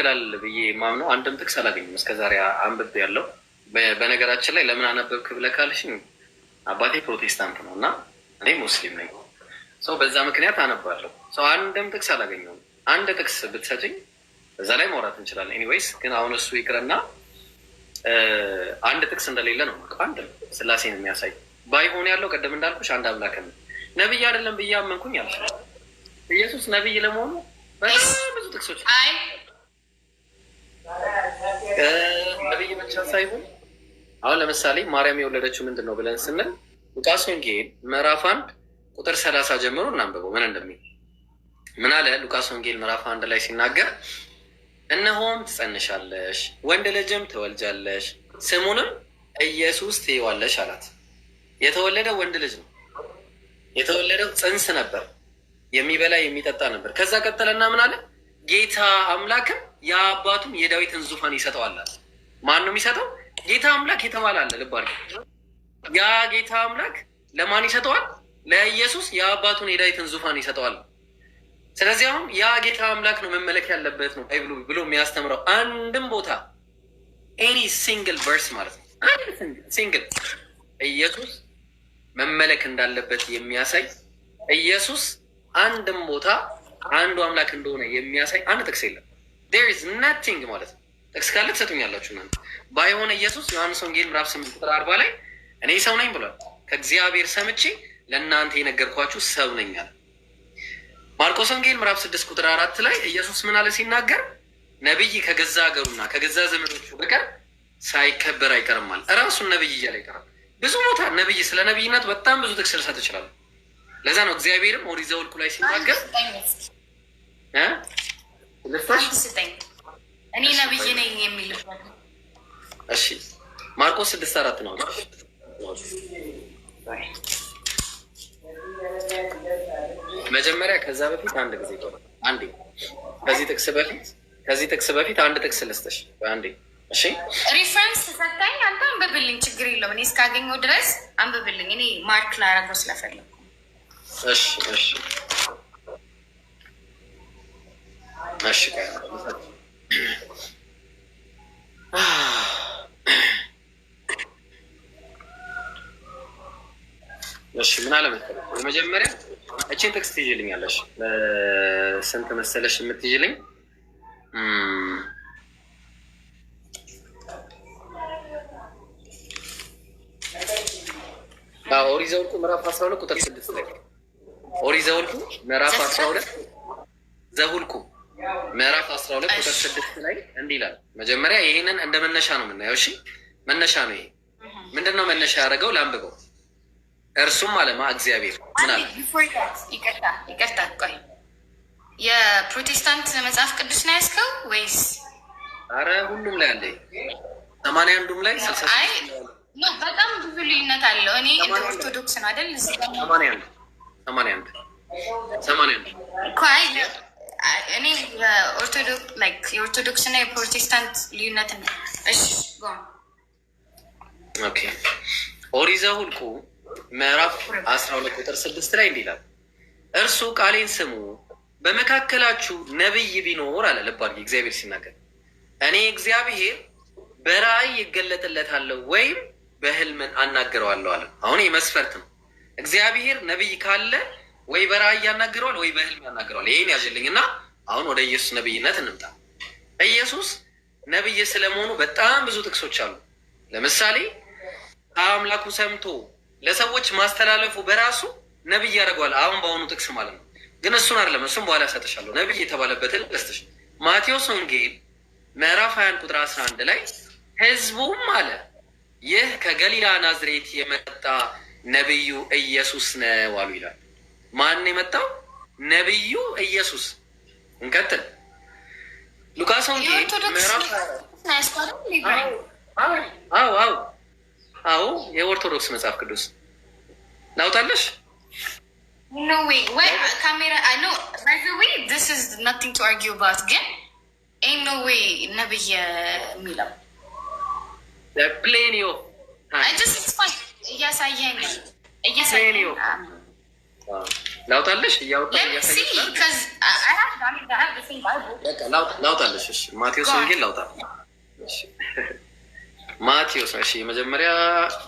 ይወክላል ብዬ ማምነው አንድም ጥቅስ አላገኝም እስከዛሬ አንብብ ያለው። በነገራችን ላይ ለምን አነበብክ ብለህ ካልሽኝ አባቴ ፕሮቴስታንት ነው እና እኔ ሙስሊም ነኝ። ሰው በዛ ምክንያት አነባለሁ። ሰው አንድም ጥቅስ አላገኘውም። አንድ ጥቅስ ብትሰጭኝ እዛ ላይ ማውራት እንችላለን። ኤኒዌይስ ግን አሁን እሱ ይቅርና አንድ ጥቅስ እንደሌለ ነው አንድ ስላሴን የሚያሳይ ባይሆን ያለው ቀደም እንዳልኩሽ አንድ አምላክ ነው። አይደለም ብዬ አመንኩኝ አልሽ። ኢየሱስ ነብይ ለመሆኑ በጣም ብዙ ጥቅሶች አይ ነብይ ብቻ ሳይሆን አሁን ለምሳሌ ማርያም የወለደችው ምንድን ነው ብለን ስንል ሉቃስ ወንጌል ምዕራፍ አንድ ቁጥር ሰላሳ ጀምሮ እናንብበው ምን እንደሚል ምን አለ ሉቃስ ወንጌል ምዕራፍ አንድ ላይ ሲናገር እነሆም ትጸንሻለሽ ወንድ ልጅም ትወልጃለሽ ስሙንም ኢየሱስ ትይዋለሽ አላት የተወለደ ወንድ ልጅ ነው የተወለደው ጽንስ ነበር የሚበላ የሚጠጣ ነበር ከዛ ቀጠለና ምን አለ ጌታ አምላክም የአባቱም የዳዊትን ዙፋን ይሰጠዋል አለ። ማን ነው የሚሰጠው? ጌታ አምላክ የተባለ አለ። ልባር ያ ጌታ አምላክ ለማን ይሰጠዋል? ለኢየሱስ የአባቱን የዳዊትን ዙፋን ይሰጠዋል። ስለዚህ አሁን ያ ጌታ አምላክ ነው መመለክ ያለበት ነው ብሎ ብሎ የሚያስተምረው አንድም ቦታ ኤኒ ሲንግል ቨርስ ማለት ነው ሲንግል ኢየሱስ መመለክ እንዳለበት የሚያሳይ ኢየሱስ አንድም ቦታ አንዱ አምላክ እንደሆነ የሚያሳይ አንድ ጥቅስ የለም። ዴር ኢዝ ነቲንግ ማለት ነው። ጥቅስ ካለ ትሰጡኛላችሁ እናንተ። ባይሆነ ኢየሱስ ዮሐንስ ወንጌል ምዕራፍ ስምንት ቁጥር አርባ ላይ እኔ ሰው ነኝ ብሏል። ከእግዚአብሔር ሰምቼ ለእናንተ የነገርኳችሁ ሰው ነኝ አለ። ማርቆስ ወንጌል ምዕራፍ ስድስት ቁጥር አራት ላይ ኢየሱስ ምን አለ ሲናገር ነቢይ ከገዛ ሀገሩና ከገዛ ዘመዶቹ በቀር ሳይከበር አይቀርም አለ። እራሱን ነቢይ እያለ ይቀራል። ብዙ ቦታ ነቢይ ስለ ነቢይነት በጣም ብዙ ጥቅስ ልሰጥ እችላለሁ። ለዛ ነው እግዚአብሔርም ኦሪት ዘኍልቍ ላይ ሲናገር ስጠኝ እኔ ነብይ ነኝ የሚልበት እሺ ማርቆስ ስድስት አራት ነው። መጀመሪያ ከዛ በፊት አንድ ጊዜ አንዴ ከዚህ ጥቅስ በፊት ከዚህ ጥቅስ በፊት አንድ ጥቅስ ልስጥሽ አንዴ። እሺ ሪፍረንስ ሰታኝ አንተ አንብብልኝ፣ ችግር የለውም እኔ እስካገኘው ድረስ አንብብልኝ። እኔ ማርክ ላረገው ስለፈለግኩ እሺ እሺ እሺ ምን አለ መሰለህ፣ በመጀመሪያ እችን ቴክስት ትይዥልኛለሽ። ስንት መሰለሽ የምትይዥልኝ? ኦሪት ዘኍልቍ ምዕራፍ አስራ ሁለት ቁጥር ስድስት ላይ ኦሪት ዘኍልቍ ምዕራፍ አስራ ሁለት ዘኍልቍ ምዕራፍ 12 ቁጥር 6 ላይ እንዲህ ይላል። መጀመሪያ ይህንን እንደ መነሻ ነው የምናየው። እሺ መነሻ ነው ይሄ። ምንድን ነው መነሻ ያደረገው? ላንብበው። እርሱም አለማ እግዚአብሔር ምን ይቅርታ ይቅርታ፣ ቆይ የፕሮቴስታንት መጽሐፍ ቅዱስ ነው ያስከው ወይስ? አረ ሁሉም ላይ አለ፣ ሰማንያ አንዱም ላይ በጣም ብዙ ልዩነት አለው። እኔ እንደ ኦርቶዶክስ ነው አይደል? ሰማንያ አንድ ሰማንያ አንድ ሰማንያ አንድ እኔ የኦርቶዶክስ እና የፕሮቴስታንት ልዩነት ነው። እሺ ኦሪት ዘኍልቍ ምዕራፍ አስራ ሁለት ቁጥር ስድስት ላይ እንዲህ ይላል፣ እርሱ ቃሌን ስሙ በመካከላችሁ ነቢይ ቢኖር አለ። ልባል እግዚአብሔር ሲናገር እኔ እግዚአብሔር በራእይ ይገለጥለታለሁ ወይም በህልምን አናግረዋለሁ አለ። አሁን የመስፈርት መስፈርት ነው። እግዚአብሔር ነቢይ ካለ ወይ በራ ያናግረዋል ወይ በህልም ያናግረዋል። ይህን ያዝልኝ እና አሁን ወደ ኢየሱስ ነብይነት እንምጣ። ኢየሱስ ነብይ ስለመሆኑ በጣም ብዙ ጥቅሶች አሉ። ለምሳሌ ከአምላኩ ሰምቶ ለሰዎች ማስተላለፉ በራሱ ነብይ ያደርገዋል። አሁን በአሁኑ ጥቅስ ማለት ነው። ግን እሱን አይደለም፣ እሱም በኋላ ያሳጥሻለሁ። ነብይ የተባለበትን ገስተሽ ማቴዎስ ወንጌል ምዕራፍ 21 ቁጥር 11 ላይ ህዝቡም አለ ይህ ከገሊላ ናዝሬት የመጣ ነብዩ ኢየሱስ ነው አሉ ይላል። ማን የመጣው ነቢዩ ኢየሱስ። እንቀጥል። ሉቃስ ወንጌል አዎ አዎ የኦርቶዶክስ መጽሐፍ ቅዱስ ላውጣለሽ። ግን ኤን ኖ ዌይ ነብይ የሚለው ፕሌኒዮ እያሳየኝ ላውጣለሽ ላውጣለሽ። እሺ ማቴዎስ ወንጌል ላውጣ። ማቴዎስ እሺ፣ መጀመሪያ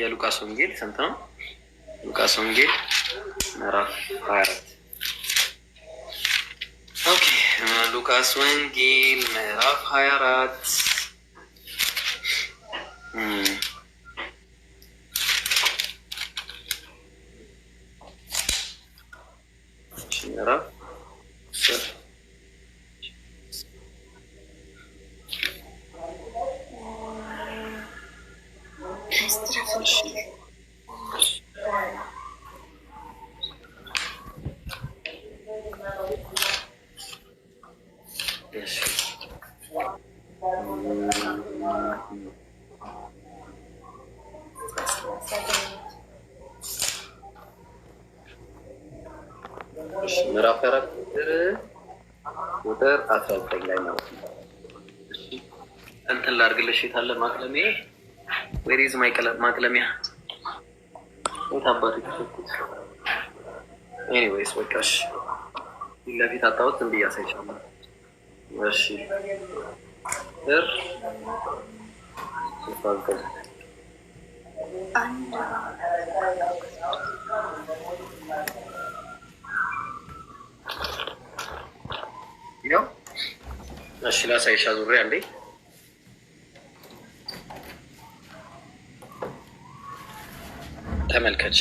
የሉቃስ ወንጌል ስንት ነው? ሉቃስ ወንጌል ምዕራፍ ሀያ አራት ኦኬ። ሉቃስ ወንጌል ምዕራፍ ሀያ አራት ምዕራፍ ምዕራፍ አራት ቁጥር አስራ ዘጠኝ ላይ ማለት ነው። እንትን ላድርግልሽ የታለ ማቅለሚያ? ዌሪዝ ማቅለሚያ የት አባቱ የተሰኩት? ኤኒዌይስ በቃሽ ፊት ለፊት አጣሁት። ዝም ብዬ እሺ ር አንድ እሺ ላሳይሻ ዙሪያ እንዴ ተመልከች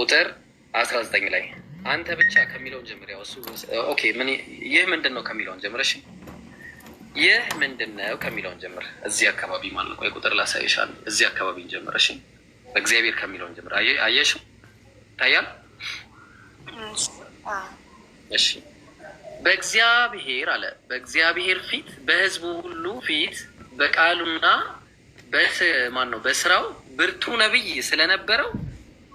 ቁጥር አስራ ዘጠኝ ላይ አንተ ብቻ ከሚለውን ጀምር። ያው እሱ ኦኬ፣ ምን ይህ ምንድን ነው ከሚለውን ጀምር። እሺ ይህ ምንድን ነው ከሚለውን ጀምር። እዚህ አካባቢ ማለት ነው። ቁጥር ላሳይሻ እዚህ አካባቢ ጀምር። እሺ እግዚአብሔር ከሚለውን ጀምር። አየሽ ታያል። እሺ በእግዚአብሔር አለ በእግዚአብሔር ፊት በህዝቡ ሁሉ ፊት በቃሉና ማን ነው በስራው ብርቱ ነቢይ ስለነበረው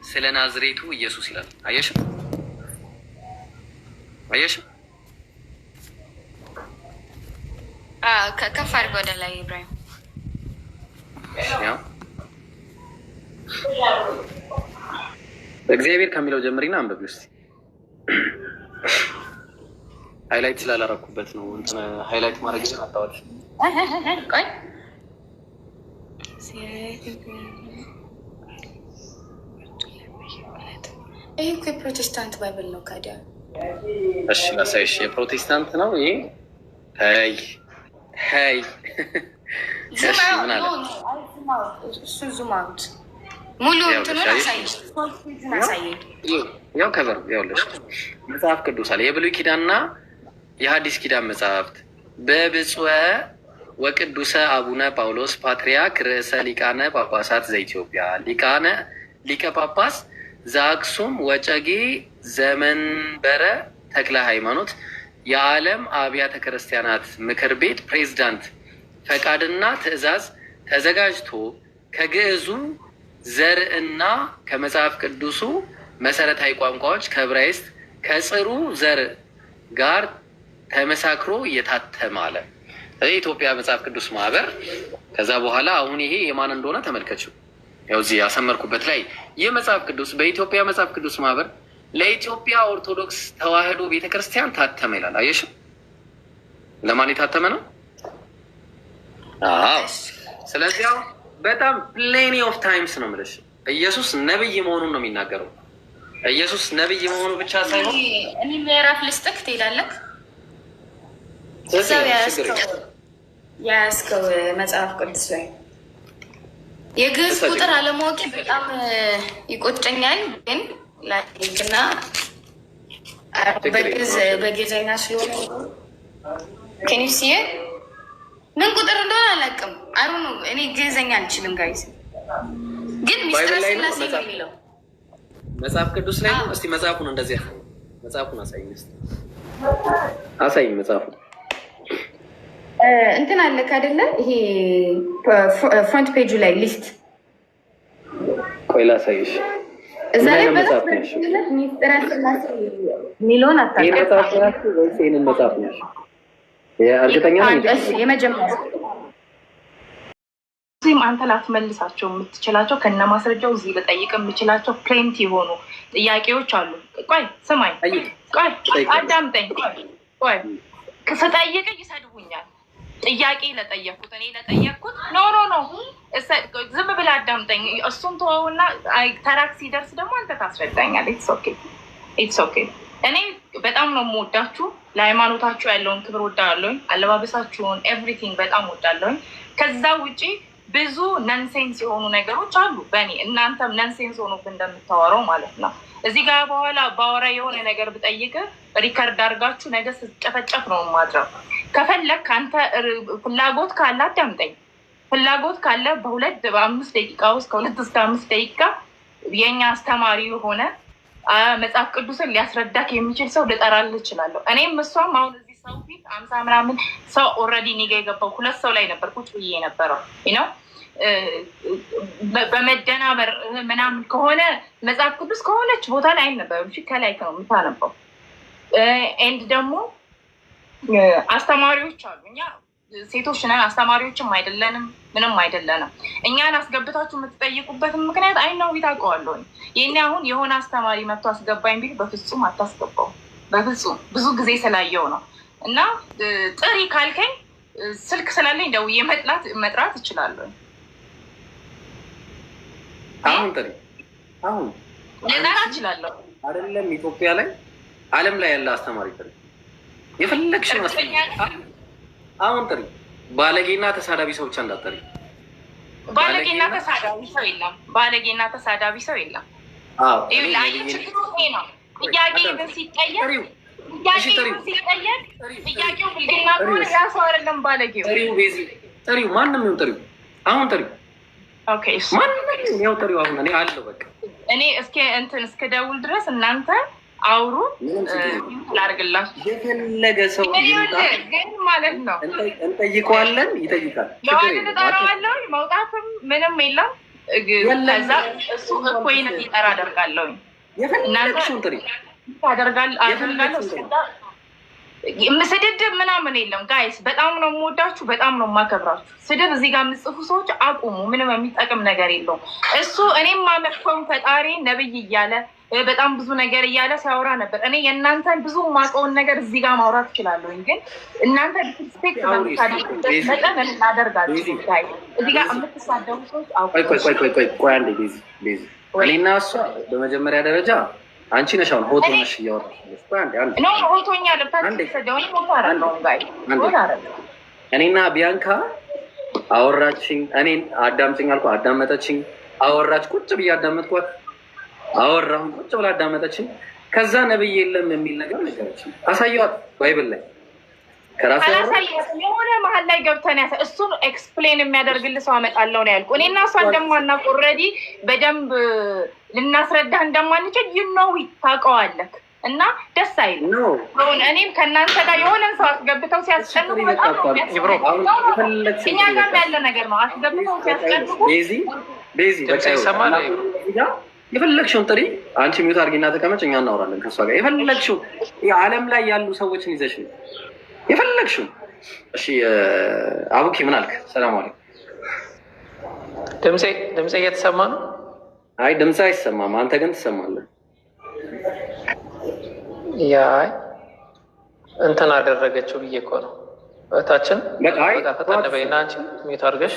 ስለ ናዝሬቱ ኢየሱስ ይላል። አየሽም አየሽም ከፍ አድርገህ ወደ ላይ ኢብራሂም እግዚአብሔር ከሚለው ጀምሪና አንብቢ ውስጥ ሃይላይት ስላላረኩበት ነው። ሃይላይት ማድረግ ይዘን አታዋል ይህ እኮ የፕሮቴስታንት ባይብል ነው። ካዲያ እሺ፣ ላሳይሽ የፕሮቴስታንት ነው ይሄ። ሀይ ሀይ፣ ሙሉ ያው ከበር ያው መጽሐፍ ቅዱስ አለ የብሉይ ኪዳንና የሐዲስ ኪዳን መጽሐፍት በብፁዕ ወቅዱሰ አቡነ ጳውሎስ ፓትርያርክ ርዕሰ ሊቃነ ጳጳሳት ዘኢትዮጵያ ሊቃነ ሊቀ ጳጳስ ዘአክሱም ወጨጌ ዘመንበረ ተክለ ሃይማኖት የዓለም አብያተ ክርስቲያናት ምክር ቤት ፕሬዝዳንት ፈቃድና ትእዛዝ ተዘጋጅቶ ከግዕዙ ዘርእና ከመጽሐፍ ቅዱሱ መሰረታዊ ቋንቋዎች ከዕብራይስጥ ከጽሩ ዘር ጋር ተመሳክሮ እየታተመ አለ። የኢትዮጵያ መጽሐፍ ቅዱስ ማህበር ከዛ በኋላ አሁን ይሄ የማን እንደሆነ ተመልከችው። ያው እዚህ ያሰመርኩበት ላይ ይህ መጽሐፍ ቅዱስ በኢትዮጵያ መጽሐፍ ቅዱስ ማህበር ለኢትዮጵያ ኦርቶዶክስ ተዋህዶ ቤተክርስቲያን ታተመ ይላል። አየሽ፣ ለማን የታተመ ነው? አዎ። በጣም ፕሌኒ ኦፍ ታይምስ ነው የምልሽ። ኢየሱስ ነብይ መሆኑን ነው የሚናገረው። ኢየሱስ ነብይ መሆኑ ብቻ ሳይሆን እኔ ምዕራፍ ልስጥክ ትሄዳለህ ያስከው መጽሐፍ ቅዱስ ላይ የግዕዝ ቁጥር አለማወቅ በጣም ይቆጨኛል። ግን ላይክና በግዕዝ በግዕዝኛ ስለሆነ ከኒስ ምን ቁጥር እንደሆነ አላውቅም። አሩ ነው እኔ ግዕዝኛ አልችልም። ጋይስ ግን ሚስጥረ ስላሴ ነው የሚለው መጽሐፍ ቅዱስ ላይ ነው። እስቲ መጽሐፉን እንደዚህ መጽሐፉን አሳይኝ፣ አሳይኝ መጽሐፉን እንትን አለክ አይደለ? ይሄ ፍሮንት ፔጁ ላይ ሊስት ቆይ ላሳይሽ። እዛ ላይ መጽሐፍ ነሽ ዚህም አንተ ላትመልሳቸው የምትችላቸው ከነ ማስረጃው እዚህ ልጠይቅ የምችላቸው ፕሌንቲ የሆኑ ጥያቄዎች አሉ። ቆይ ስማኝ፣ ቆይ አዳምጠኝ፣ ቆይ ስጠይቅ ይሰድቡኛል ጥያቄ ለጠየኩት እኔ ለጠየኩት ኖ ኖ ኖ ዝም ብለህ አዳምጠኝ። እሱን ተወውና ተራክ ሲደርስ ደግሞ አንተ ታስረዳኛለህ። ኢትስ ኦኬ። እኔ በጣም ነው የምወዳችሁ። ለሃይማኖታችሁ ያለውን ክብር ወዳለኝ፣ አለባበሳችሁን፣ ኤቭሪቲንግ በጣም ወዳለኝ። ከዛ ውጪ ብዙ ነንሴንስ የሆኑ ነገሮች አሉ በእኔ እናንተም ነንሴንስ ሆኖ እንደምታወራው ማለት ነው እዚህ ጋር በኋላ በአወራ የሆነ ነገር ብጠይቅ ሪከርድ አድርጋችሁ ነገ ስጨፈጨፍ ነው ማድረው። ከፈለግ ከአንተ ፍላጎት ካለ አዳምጠኝ። ፍላጎት ካለ በሁለት በአምስት ደቂቃ ውስጥ ከሁለት እስከ አምስት ደቂቃ የኛ አስተማሪ የሆነ መጽሐፍ ቅዱስን ሊያስረዳክ የሚችል ሰው ልጠራል እችላለሁ። እኔም እሷም አሁን እዚህ ሰው ፊት አምሳ ምናምን ሰው ኦልሬዲ እኔ ጋ የገባው ሁለት ሰው ላይ ነበር ቁጭ ብዬ ነበረው ነው በመደናበር ምናምን ከሆነ መጽሐፍ ቅዱስ ከሆነች ቦታ ላይ አይነበብም። እሺ ከላይ ነው የምታነበው። ኤንድ ደግሞ አስተማሪዎች አሉ። እኛ ሴቶች ነን፣ አስተማሪዎችም አይደለንም፣ ምንም አይደለንም። እኛን አስገብታችሁ የምትጠይቁበትን ምክንያት አይናው ቢታውቀዋለሁኝ። ይህኔ አሁን የሆነ አስተማሪ መጥቶ አስገባኝ ቢል በፍጹም አታስገባው፣ በፍጹም ብዙ ጊዜ ስላየው ነው። እና ጥሪ ካልከኝ ስልክ ስላለኝ ደውዬ መጥራት እችላለሁ። አሁን ጥሪ አሁን እችላለሁ። አይደለም ኢትዮጵያ ላይ ዓለም ላይ ያለ አስተማሪ ጥሪ የፈለግሽ አሁን ጥሪ። ባለጌና ተሳዳቢ ሰው ብቻ ባለጌና ተሳዳቢ ሰው የለም። ባለጌና ተሳዳቢ ሰው የለም። ችግሩ ነው። ጥያቄ ግን ሲጠየቅ ጥሪው ማንም ይሁን ጥሪው፣ አሁን ጥሪው ማንም ያውጠሪው አሁን እኔ አለው በቃ እኔ እስኪ እንትን እስከ ደውል ድረስ እናንተ አውሩ እናርግላችሁ። የፈለገ ሰው ግን ማለት ነው እንጠይቀዋለን፣ ይጠይቃል። ለዋን እጠራዋለሁ። መውጣትም ምንም የለም። ከዛ እሱ እኮይን ይጠራ አደርጋለሁ። የፈለግሽውን ጥሪ አደርጋለሁ። ስድብ ምናምን የለም ጋይስ። በጣም ነው የምወዳችሁ፣ በጣም ነው የማከብራችሁ። ስድብ እዚህ ጋር የምጽፉ ሰዎች አቁሙ። ምንም የሚጠቅም ነገር የለውም። እሱ እኔም ማመጥፈውን ፈጣሪ ነብይ እያለ በጣም ብዙ ነገር እያለ ሲያወራ ነበር። እኔ የእናንተን ብዙ ማውቀውን ነገር እዚህ ጋር ማውራት እችላለሁ፣ ግን እናንተ ሪስፔክት በምታደርጉበት መጠን እናደርጋለን። እዚህ ጋር የምትሳደቡ ሰዎች አቁሙ። እኔና እሷ በመጀመሪያ ደረጃ አንቺ ነሽ አሁን ሆቶ ነሽ እያወራሽ እኔና ቢያንካ አወራችኝ። እኔን አዳምጭኝ አልኩ፣ አዳመጠችኝ። አወራች፣ ቁጭ ብዬ አዳመጥኳት። አወራሁን፣ ቁጭ ብላ አዳመጠችኝ። ከዛ ነብይ የለም የሚል ነገር ነገረች። አሳየዋት ባይብል ላይ ከራስ የሆነ መሀል ላይ ገብተን ያሰ እሱን ኤክስፕሌን የሚያደርግልህ ሰው አመጣለሁ ነው ያልኩ። እኔና ደግሞ እንደማናውቅ ኦልሬዲ በደንብ ልናስረዳህ እንደማንችል ይነው ታውቀዋለህ። እና ደስ አይልም። እኔም ከእናንተ ጋር የሆነን ሰው አስገብተው ሲያስጨንቁ እኛ ጋር ያለ ነገር ነው። አስገብተው ሲያስጨንቁ የፈለግሽውን ጥሪ። አንቺ ሚዩት አድርጊና ተቀመጭ፣ እኛ እናወራለን ከእሷ ጋር። የፈለግሽው የዓለም ላይ ያሉ ሰዎችን ይዘሽ የፈለግሽው። እሺ አቡኪ ምን አልክ? ሰላም አለይኩም። ድምፄ እየተሰማ ነው? አይ ድምፅ አይሰማም። አንተ ግን ትሰማለህ። ያ እንትን አደረገችው ብዬ እኮ ነው። እህታችን ፈጠነበይና አንቺ ሚት አድርገሽ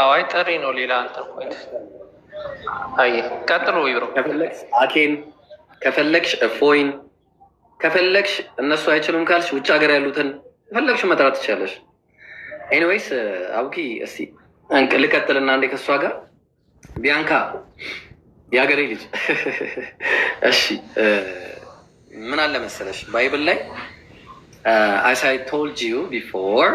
አይ ጥሪ ነው ሌላ እንትን ፖይንት። አይ ቀጥሎ ይብሮ አኬን ከፈለግሽ እፎይን ከፈለግሽ እነሱ አይችሉም ካልሽ ውጭ ሀገር ያሉትን ከፈለግሽ መጥራት ትችላለሽ። ኤኒዌይስ አቡኪ እስቲ ልቀጥልና አንዴ ከእሷ ጋር ቢያንካ የሀገሬ ልጅ እሺ፣ ምን አለ መሰለሽ ባይብል ላይ አስ አይ ቶልድ ዩ ቢፎር